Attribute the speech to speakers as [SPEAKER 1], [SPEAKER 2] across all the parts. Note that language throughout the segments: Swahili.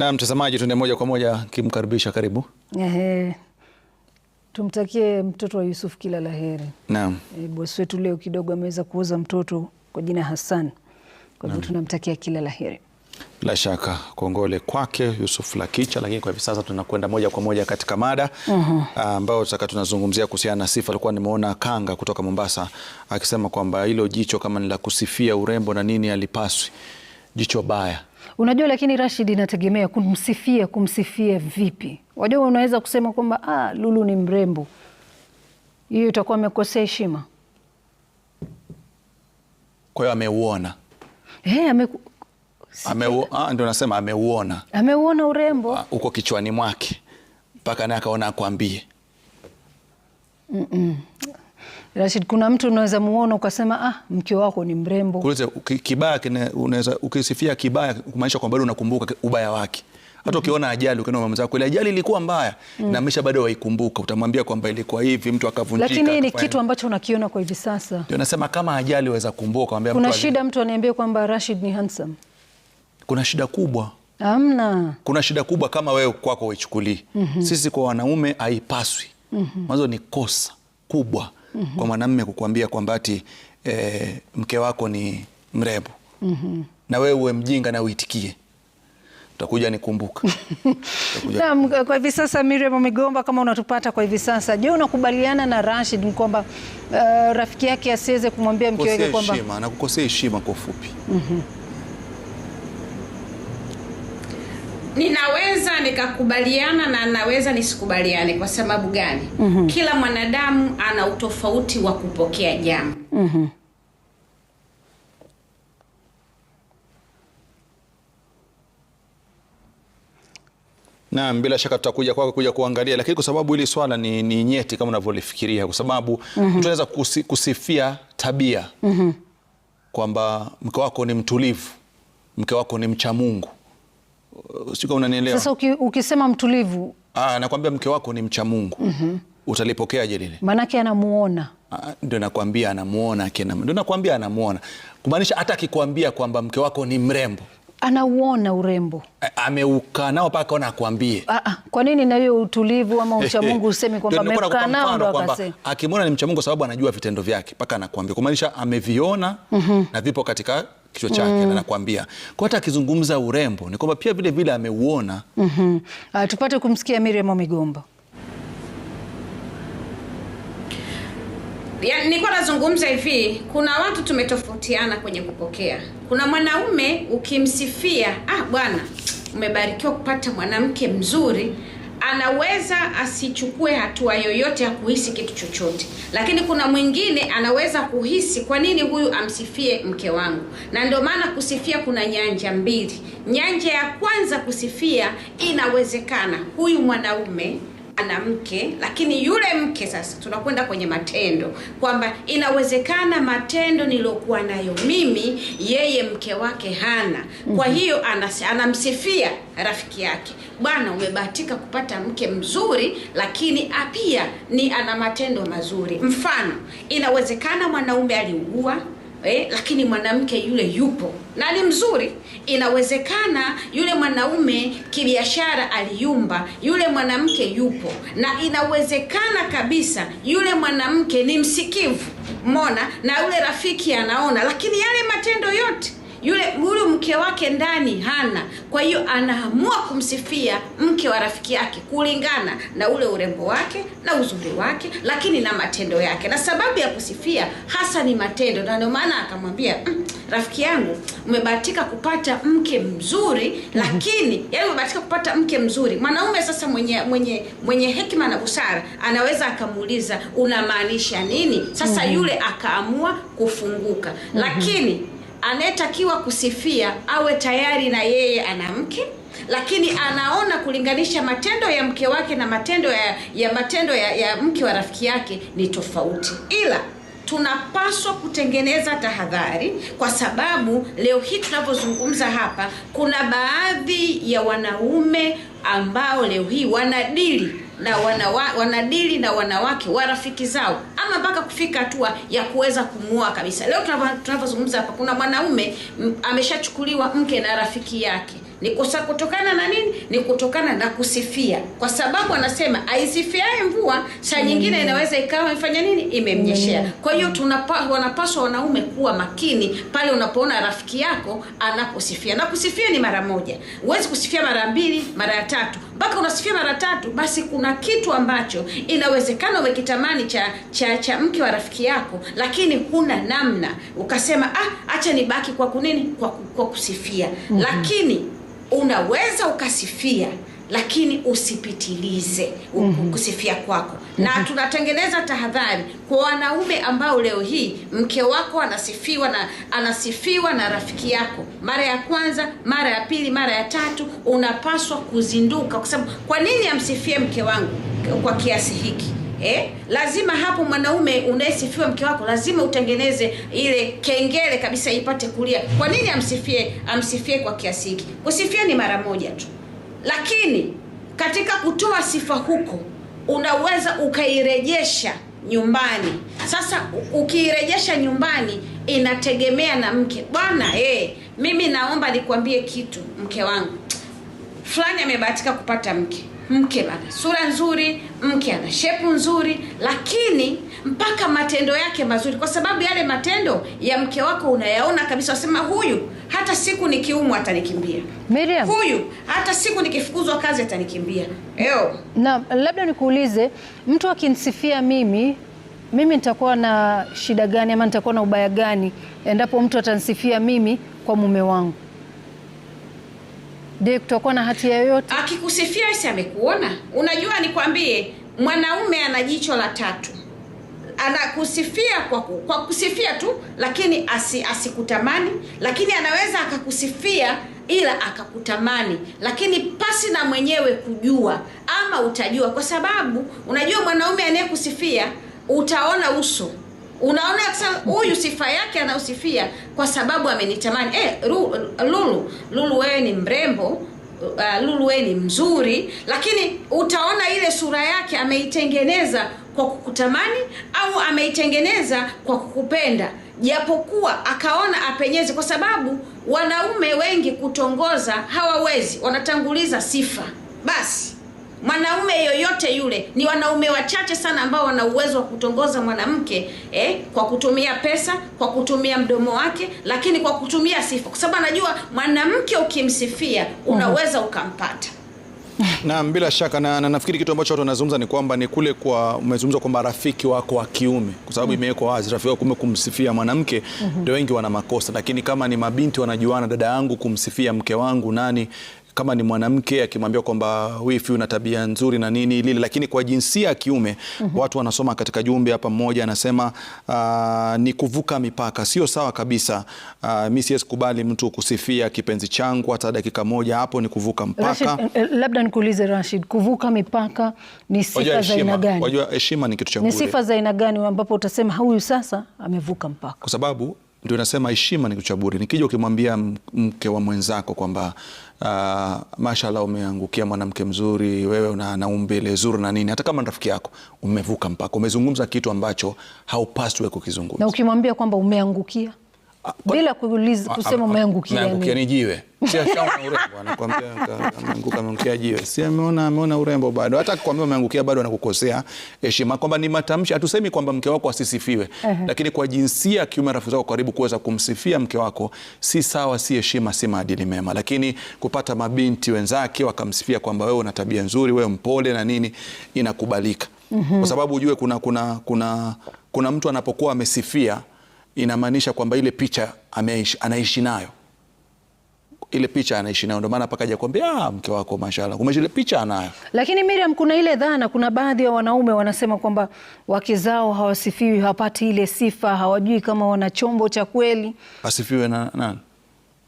[SPEAKER 1] Na mtazamaji, tuende moja kwa moja kimkaribisha, karibu.
[SPEAKER 2] Ehe. Tumtakie mtoto wa Yusuf kila la heri. Naam. E, bosi wetu leo kidogo ameweza kuuza mtoto kwa jina Hassan, kwa hivyo tunamtakia kila la heri.
[SPEAKER 1] Bila shaka kongole kwake Yusuf Lakicha. Lakini kwa hivi sasa tunakwenda moja kwa moja katika mada mhm. ambayo tutaka tunazungumzia kuhusiana na sifa. Alikuwa nimeona Kanga kutoka Mombasa akisema kwamba hilo jicho kama ni la kusifia urembo na nini, alipaswi jicho baya
[SPEAKER 2] Unajua, lakini Rashid, inategemea kumsifia, kumsifia vipi? Wajua, unaweza kusema kwamba ah, Lulu ni mrembo, hiyo itakuwa amekosea heshima.
[SPEAKER 1] Kwa hiyo ameuona, hey, ame ah, ndio nasema ameuona,
[SPEAKER 2] ameuona urembo ah,
[SPEAKER 1] uko kichwani mwake mpaka naye akaona akwambie.
[SPEAKER 2] mm -mm. Rashid, kuna mtu unaweza muona ukasema ah, mke wako ni mrembo.
[SPEAKER 1] Kuleta kibaya, unaweza ukisifia kibaya kumaanisha kwamba bado unakumbuka ubaya wake. Hata mm-hmm. ukiona mm -hmm. ajali ukiona mama zako ile ajali ilikuwa mbaya mm -hmm. na maisha bado waikumbuka, utamwambia kwamba ilikuwa hivi, mtu akavunjika.
[SPEAKER 2] Lakini ni kitu ambacho unakiona kwa hivi sasa.
[SPEAKER 1] Ndio nasema kama ajali waweza kumbuka, kumwambia
[SPEAKER 2] mtu. Kuna shida mtu aniambie kwamba Rashid ni handsome.
[SPEAKER 1] Kuna shida kubwa.
[SPEAKER 2] Amna.
[SPEAKER 1] Kuna shida kubwa kama wewe kwako uichukulie. mm -hmm. Sisi kwa wanaume haipaswi. mm -hmm. Mwanzo ni kosa kubwa -hmm. kwa mwanamme kukuambia kwamba ati e, mke wako ni mrembo mm -hmm. na wewe uwe mjinga na uitikie utakuja nikumbuka.
[SPEAKER 2] Naam, kwa hivi sasa Miriam Migomba, kama unatupata kwa hivi sasa, je, unakubaliana na Rashid kwamba uh, rafiki yake asiweze kumwambia mke
[SPEAKER 1] wake kwamba anakukosea heshima kwa ufupi? mm -hmm.
[SPEAKER 3] ninaweza nikakubaliana na naweza nisikubaliane. Kwa sababu gani? mm -hmm. Kila mwanadamu ana utofauti wa kupokea jambo mm -hmm.
[SPEAKER 1] Naam, bila shaka tutakuja kwako kuja kuangalia, lakini kwa sababu hili swala ni, ni nyeti kama unavyolifikiria, kwa sababu mhm. mtu mm -hmm. anaweza kusi, kusifia tabia mm -hmm. kwamba mke wako ni mtulivu, mke wako ni mcha Mungu Uh, sio unanielewa.
[SPEAKER 2] Sasa uki, ukisema mtulivu,
[SPEAKER 1] ah, nakwambia mke wako ni mcha Mungu mm -hmm. Utalipokeaje lile?
[SPEAKER 2] Maanake anamuona
[SPEAKER 1] ah, ndio nakwambia, anamuona ndio nakwambia, anamuona kumaanisha, hata akikwambia kwamba mke wako ni mrembo
[SPEAKER 2] anauona urembo,
[SPEAKER 1] ameukaa nao mpaka ona akwambie.
[SPEAKER 2] Ah, ah. Kwa nini na hiyo utulivu ama Mungu usemi kwamba amekaa nao
[SPEAKER 1] ndo akasema? Akimwona ni mcha Mungu, sababu anajua vitendo vyake mpaka anakuambia, kumaanisha ameviona mm -hmm. na vipo katika kichwa chake mm. Anakuambia kwa hata akizungumza urembo ni kwamba pia vile vile ameuona.
[SPEAKER 2] mm -hmm. Uh, tupate kumsikia Miriam Migombo.
[SPEAKER 3] Ya, nilikuwa nazungumza hivi, kuna watu tumetofautiana kwenye kupokea. Kuna mwanaume ukimsifia, ah, bwana umebarikiwa kupata mwanamke mzuri anaweza asichukue hatua yoyote ya kuhisi kitu chochote, lakini kuna mwingine anaweza kuhisi, kwa nini huyu amsifie mke wangu? Na ndio maana kusifia kuna nyanja mbili. Nyanja ya kwanza, kusifia inawezekana huyu mwanaume na mke lakini yule mke sasa, tunakwenda kwenye matendo, kwamba inawezekana matendo niliyokuwa nayo mimi yeye mke wake hana. Kwa mhm. hiyo anamsifia rafiki yake, bwana, umebahatika kupata mke mzuri, lakini pia ni ana matendo mazuri. Mfano, inawezekana mwanaume aliugua eh, lakini mwanamke yule yupo na ni mzuri. Inawezekana yule mwanaume kibiashara aliyumba, yule mwanamke yupo, na inawezekana kabisa yule mwanamke ni msikivu, mona na yule rafiki anaona, lakini yale matendo yote yule, yule mke wake ndani hana, kwa hiyo anaamua kumsifia mke wa rafiki yake kulingana na ule urembo wake na uzuri wake, lakini na matendo yake, na sababu ya kusifia hasa ni matendo, na ndio maana akamwambia mm, rafiki yangu umebahatika kupata mke mzuri, mhm. lakini yani umebahatika kupata mke mzuri. Mwanaume sasa mwenye mwenye mwenye hekima na busara anaweza akamuuliza unamaanisha nini? Sasa mhm. yule akaamua kufunguka, mhm. lakini anayetakiwa kusifia awe tayari na yeye ana mke lakini anaona kulinganisha matendo ya mke wake na matendo ya, ya matendo ya, ya mke wa rafiki yake ni tofauti ila tunapaswa kutengeneza tahadhari kwa sababu leo hii tunavyozungumza hapa kuna baadhi ya wanaume ambao leo hii wanadili na wanawa, wanadili na wanawake wa rafiki zao ama mpaka kufika hatua ya kuweza kumuoa kabisa. Leo tunavyozungumza hapa, kuna mwanaume ameshachukuliwa mke na rafiki yake ni kusa kutokana na nini? Ni kutokana na kusifia, kwa sababu anasema aisifiae mvua saa nyingine inaweza ikawa imefanya nini, imemnyeshea. Kwa hiyo wanapaswa wanaume kuwa makini pale unapoona rafiki yako anaposifia, na kusifia ni mara moja, huwezi kusifia mara mbili, mara ya tatu mpaka unasifia mara tatu, basi kuna kitu ambacho inawezekana umekitamani cha, cha cha mke wa rafiki yako, lakini huna namna ukasema ah, acha nibaki kwa kunini kwa, kwa kusifia mm -hmm. lakini unaweza ukasifia lakini usipitilize mhm. kusifia kwako mm -hmm. na mhm. tunatengeneza tahadhari kwa wanaume ambao leo hii mke wako anasifiwa na anasifiwa na rafiki yako mara ya kwanza, mara ya pili, mara ya tatu, unapaswa kuzinduka, kwa sababu kwa nini amsifie mke wangu kwa kiasi hiki? eh? Lazima hapo mwanaume unayesifiwa mke wako lazima utengeneze ile kengele kabisa ipate kulia. Kwa nini amsifie? Amsifie kwa kiasi hiki. Kusifia ni mara moja tu, lakini katika kutoa sifa huko unaweza ukairejesha nyumbani. Sasa ukiirejesha nyumbani inategemea na mke. Bwana eh, mimi naomba nikwambie kitu mke wangu fulani amebahatika kupata mke mke ana sura nzuri, mke ana shepu nzuri, lakini mpaka matendo yake mazuri, kwa sababu yale matendo ya mke wako unayaona kabisa, wasema huyu hata siku nikiumwa atanikimbia. Miriam, huyu hata siku nikifukuzwa kazi atanikimbia.
[SPEAKER 2] Eo, na labda nikuulize, mtu akinisifia mimi mimi nitakuwa na shida gani ama nitakuwa na ubaya gani endapo mtu atanisifia mimi kwa mume wangu? de kutokuwa na hatia yoyote.
[SPEAKER 3] Akikusifia wewe si amekuona? Unajua, nikwambie mwanaume ana jicho la tatu, anakusifia kwa, kwa kusifia tu, lakini asi, asikutamani, lakini anaweza akakusifia ila akakutamani, lakini pasi na mwenyewe kujua, ama utajua, kwa sababu unajua mwanaume anayekusifia utaona uso Unaona akisema huyu sifa yake anayosifia kwa sababu amenitamani. Eh, Lulu, Lulu wewe ni mrembo, uh, Lulu wewe ni mzuri, lakini utaona ile sura yake ameitengeneza kwa kukutamani au ameitengeneza kwa kukupenda, japokuwa akaona apenyeze, kwa sababu wanaume wengi kutongoza hawawezi, wanatanguliza sifa basi Mwanaume yoyote yule, ni wanaume wachache sana ambao wana uwezo wa kutongoza mwanamke eh, kwa kutumia pesa, kwa kutumia mdomo wake, lakini kwa kutumia sifa, kwa sababu anajua mwanamke ukimsifia unaweza ukampata.
[SPEAKER 1] Naam, bila shaka na, na nafikiri kitu ambacho watu wanazungumza ni kwamba ni kule kwa umezungumza kwamba rafiki wako wa kiume, kwa sababu imewekwa wazi rafiki wako kume kumsifia mwanamke ndio, wengi wana makosa, lakini kama ni mabinti wanajuana, dada yangu kumsifia mke wangu nani kama ni mwanamke akimwambia kwamba wifi una tabia nzuri na nini lile, lakini kwa jinsia ya kiume mm -hmm. watu wanasoma katika jumbe hapa, mmoja anasema uh, ni kuvuka mipaka, sio sawa kabisa. Uh, ah, mi siwezi kubali mtu kusifia kipenzi changu hata dakika moja, hapo ni kuvuka mpaka.
[SPEAKER 2] Rashid, eh, eh, labda nikuulize Rashid, kuvuka mipaka ni sifa za aina gani?
[SPEAKER 1] Wajua heshima ni kitu cha
[SPEAKER 2] Ni sifa za aina gani ambapo utasema huyu sasa amevuka mpaka?
[SPEAKER 1] Kwa sababu ndio nasema heshima ni kitu cha bure. Nikija ukimwambia mke wa mwenzako kwamba uh, mashallah umeangukia mwanamke mzuri, wewe una, na umbile zuri na nini, hata kama rafiki yako, umevuka mpaka umezungumza kitu ambacho haupaswi kukizungumza,
[SPEAKER 2] na ukimwambia kwamba umeangukia bila kuuliza kusema umeangukia
[SPEAKER 1] Ni jiwe urembo, anakuambia si ameona, ameona urembo bado. Hata akikwambia umeangukia bado anakukosea heshima, kwamba ni matamshi. Hatusemi kwamba mke wako asisifiwe, lakini kwa jinsia ya kiume, rafiki zako karibu, kuweza kumsifia mke wako si sawa, si heshima, si maadili mema. Lakini kupata mabinti wenzake wakamsifia kwamba wewe una tabia nzuri, wewe mpole na nini, inakubalika mhm. kwa sababu ujue kuna, kuna, kuna, kuna mtu anapokuwa amesifia inamaanisha kwamba ile picha ameishi, anaishi nayo ile picha anaishi nayo, ndio maana paka kwambia ah, mke wako mashallah, kumbe ile picha anayo.
[SPEAKER 2] Lakini Miriam, kuna ile dhana, kuna baadhi ya wanaume wanasema kwamba wake zao hawasifiwi, hawapati ile sifa, hawajui kama wana chombo cha kweli.
[SPEAKER 1] Asifiwe na nani?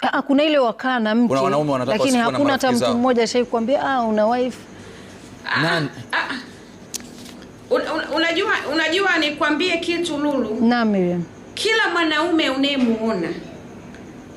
[SPEAKER 2] Ah, ah kuna ile wakana mke,
[SPEAKER 1] kuna wanaume wanataka,
[SPEAKER 2] lakini hakuna hata mtu mmoja shai kuambia ah, una wife
[SPEAKER 3] ah, nani? Ah, unajua, unajua nikwambie kitu Lulu.
[SPEAKER 2] Naam Miriam
[SPEAKER 3] kila mwanaume unayemuona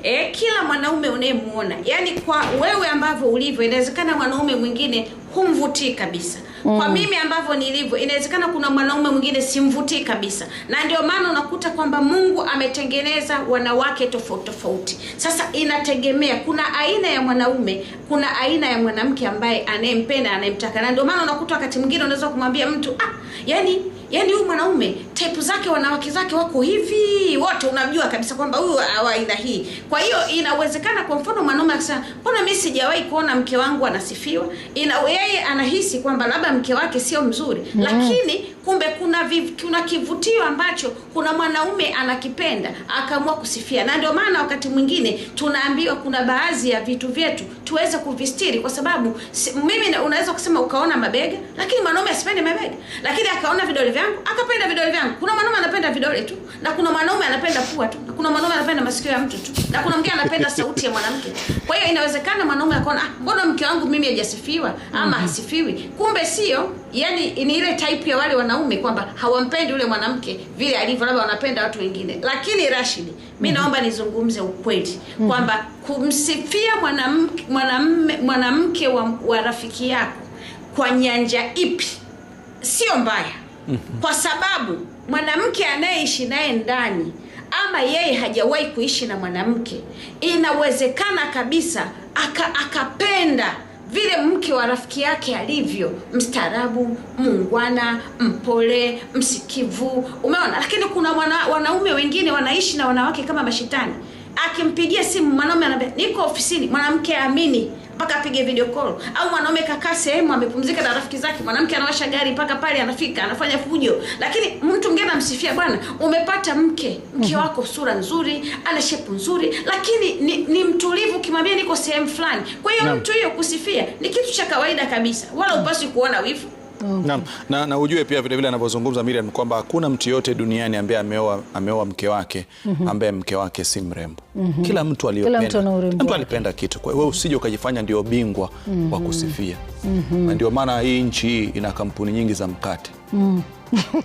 [SPEAKER 3] E, kila mwanaume unayemuona yani, kwa wewe ambavyo ulivyo, inawezekana mwanaume mwingine humvutii kabisa. Mm. Kwa mimi ambavyo nilivyo, inawezekana kuna mwanaume mwingine simvutii kabisa, na ndio maana unakuta kwamba Mungu ametengeneza wanawake tofauti tofauti. Sasa inategemea, kuna aina ya mwanaume, kuna aina ya mwanamke ambaye anayempenda, anayemtaka, na ndio maana unakuta wakati mwingine unaweza kumwambia mtu ah, yani yaani huyu mwanaume type zake wanawake zake wako hivi wote, unajua kabisa kwamba huyu awaidha hii. Kwa hiyo inawezekana, kwa mfano mwanaume akisema mbona mimi sijawahi kuona mke wangu anasifiwa, ina yeye anahisi kwamba labda mke wake sio mzuri mm. lakini kumbe kuna viv, kuna kivutio ambacho kuna mwanaume anakipenda akaamua kusifia, na ndio maana wakati mwingine tunaambiwa kuna baadhi ya vitu vyetu tuweze kuvistiri, kwa sababu si, mimi unaweza kusema ukaona mabega, lakini mwanaume asipende mabega, lakini akaona vidole vyangu akapenda vidole vyangu. Kuna mwanaume anapenda vidole tu, na kuna mwanaume anapenda pua tu, na kuna mwanaume anapenda masikio ya mtu tu, na kuna mwingine anapenda sauti ya mwanamke. Kwa hiyo inawezekana mwanaume akaona ah, mbona mke wangu mimi hajasifiwa ama hasifiwi, kumbe sio, yani ni ile type ya wale wana wanaume kwamba hawampendi yule mwanamke vile alivyo, labda wanapenda watu wengine. Lakini Rashid, mi mhm. naomba nizungumze ukweli mhm. kwamba kumsifia mwanamke mwanamke mwanamke wa, wa rafiki yako kwa nyanja ipi sio mbaya, mhm. kwa sababu mwanamke anayeishi naye ndani ama yeye hajawahi kuishi na mwanamke, inawezekana kabisa aka akapenda vile mke wa rafiki yake alivyo mstaarabu, mungwana mpole, msikivu, umeona. Lakini kuna wana, wanaume wengine wanaishi na wanawake kama mashetani. Akimpigia simu mwanaume anambia niko ofisini, mwanamke aamini mpaka apige video call, au mwanaume kakaa sehemu amepumzika na rafiki zake, mwanamke anawasha gari mpaka pale anafika anafanya fujo, lakini mtu mgeni anamsifia, bwana, umepata mke, mke mhm. wako sura nzuri, ana shepu nzuri, lakini ni, ni mtulivu, kimwambia niko sehemu fulani. Kwa hiyo mtu hiyo kusifia ni kitu cha kawaida kabisa, wala upaswi kuona wivu
[SPEAKER 1] Okay. Na, na, na ujue pia vilevile anavyozungumza Miriam kwamba hakuna mtu yote duniani ambaye ameoa ameoa mke wake mhm. ambaye mke wake si mrembo mm -hmm. Kila mtu
[SPEAKER 2] aliyopenda
[SPEAKER 1] mtu alipenda kitu, kwa hiyo usije ukajifanya ndio bingwa mm -hmm. wa kusifia mm -hmm. na ndio maana hii nchi hii ina kampuni nyingi za mkate mm.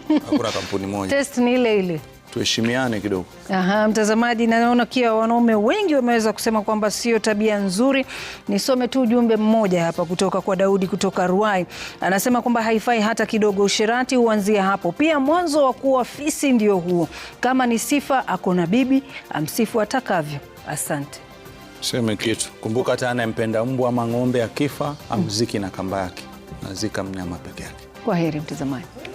[SPEAKER 1] Hakuna kampuni moja.
[SPEAKER 2] Test ni ile ile
[SPEAKER 1] tuheshimiane kidogo.
[SPEAKER 2] Aha, mtazamaji, naona kia wanaume wengi wameweza kusema kwamba sio tabia nzuri. Nisome tu ujumbe mmoja hapa kutoka kwa Daudi kutoka Ruai, anasema kwamba haifai hata kidogo, usherati huanzia hapo. Pia mwanzo wa kuwa fisi ndio huo. Kama ni sifa, ako na bibi, amsifu atakavyo. Asante.
[SPEAKER 1] Seme kitu, kumbuka hata anayempenda mbwa ama ng'ombe akifa amziki na kamba yake, nazika mnyama peke yake.
[SPEAKER 2] Kwa heri mtazamaji.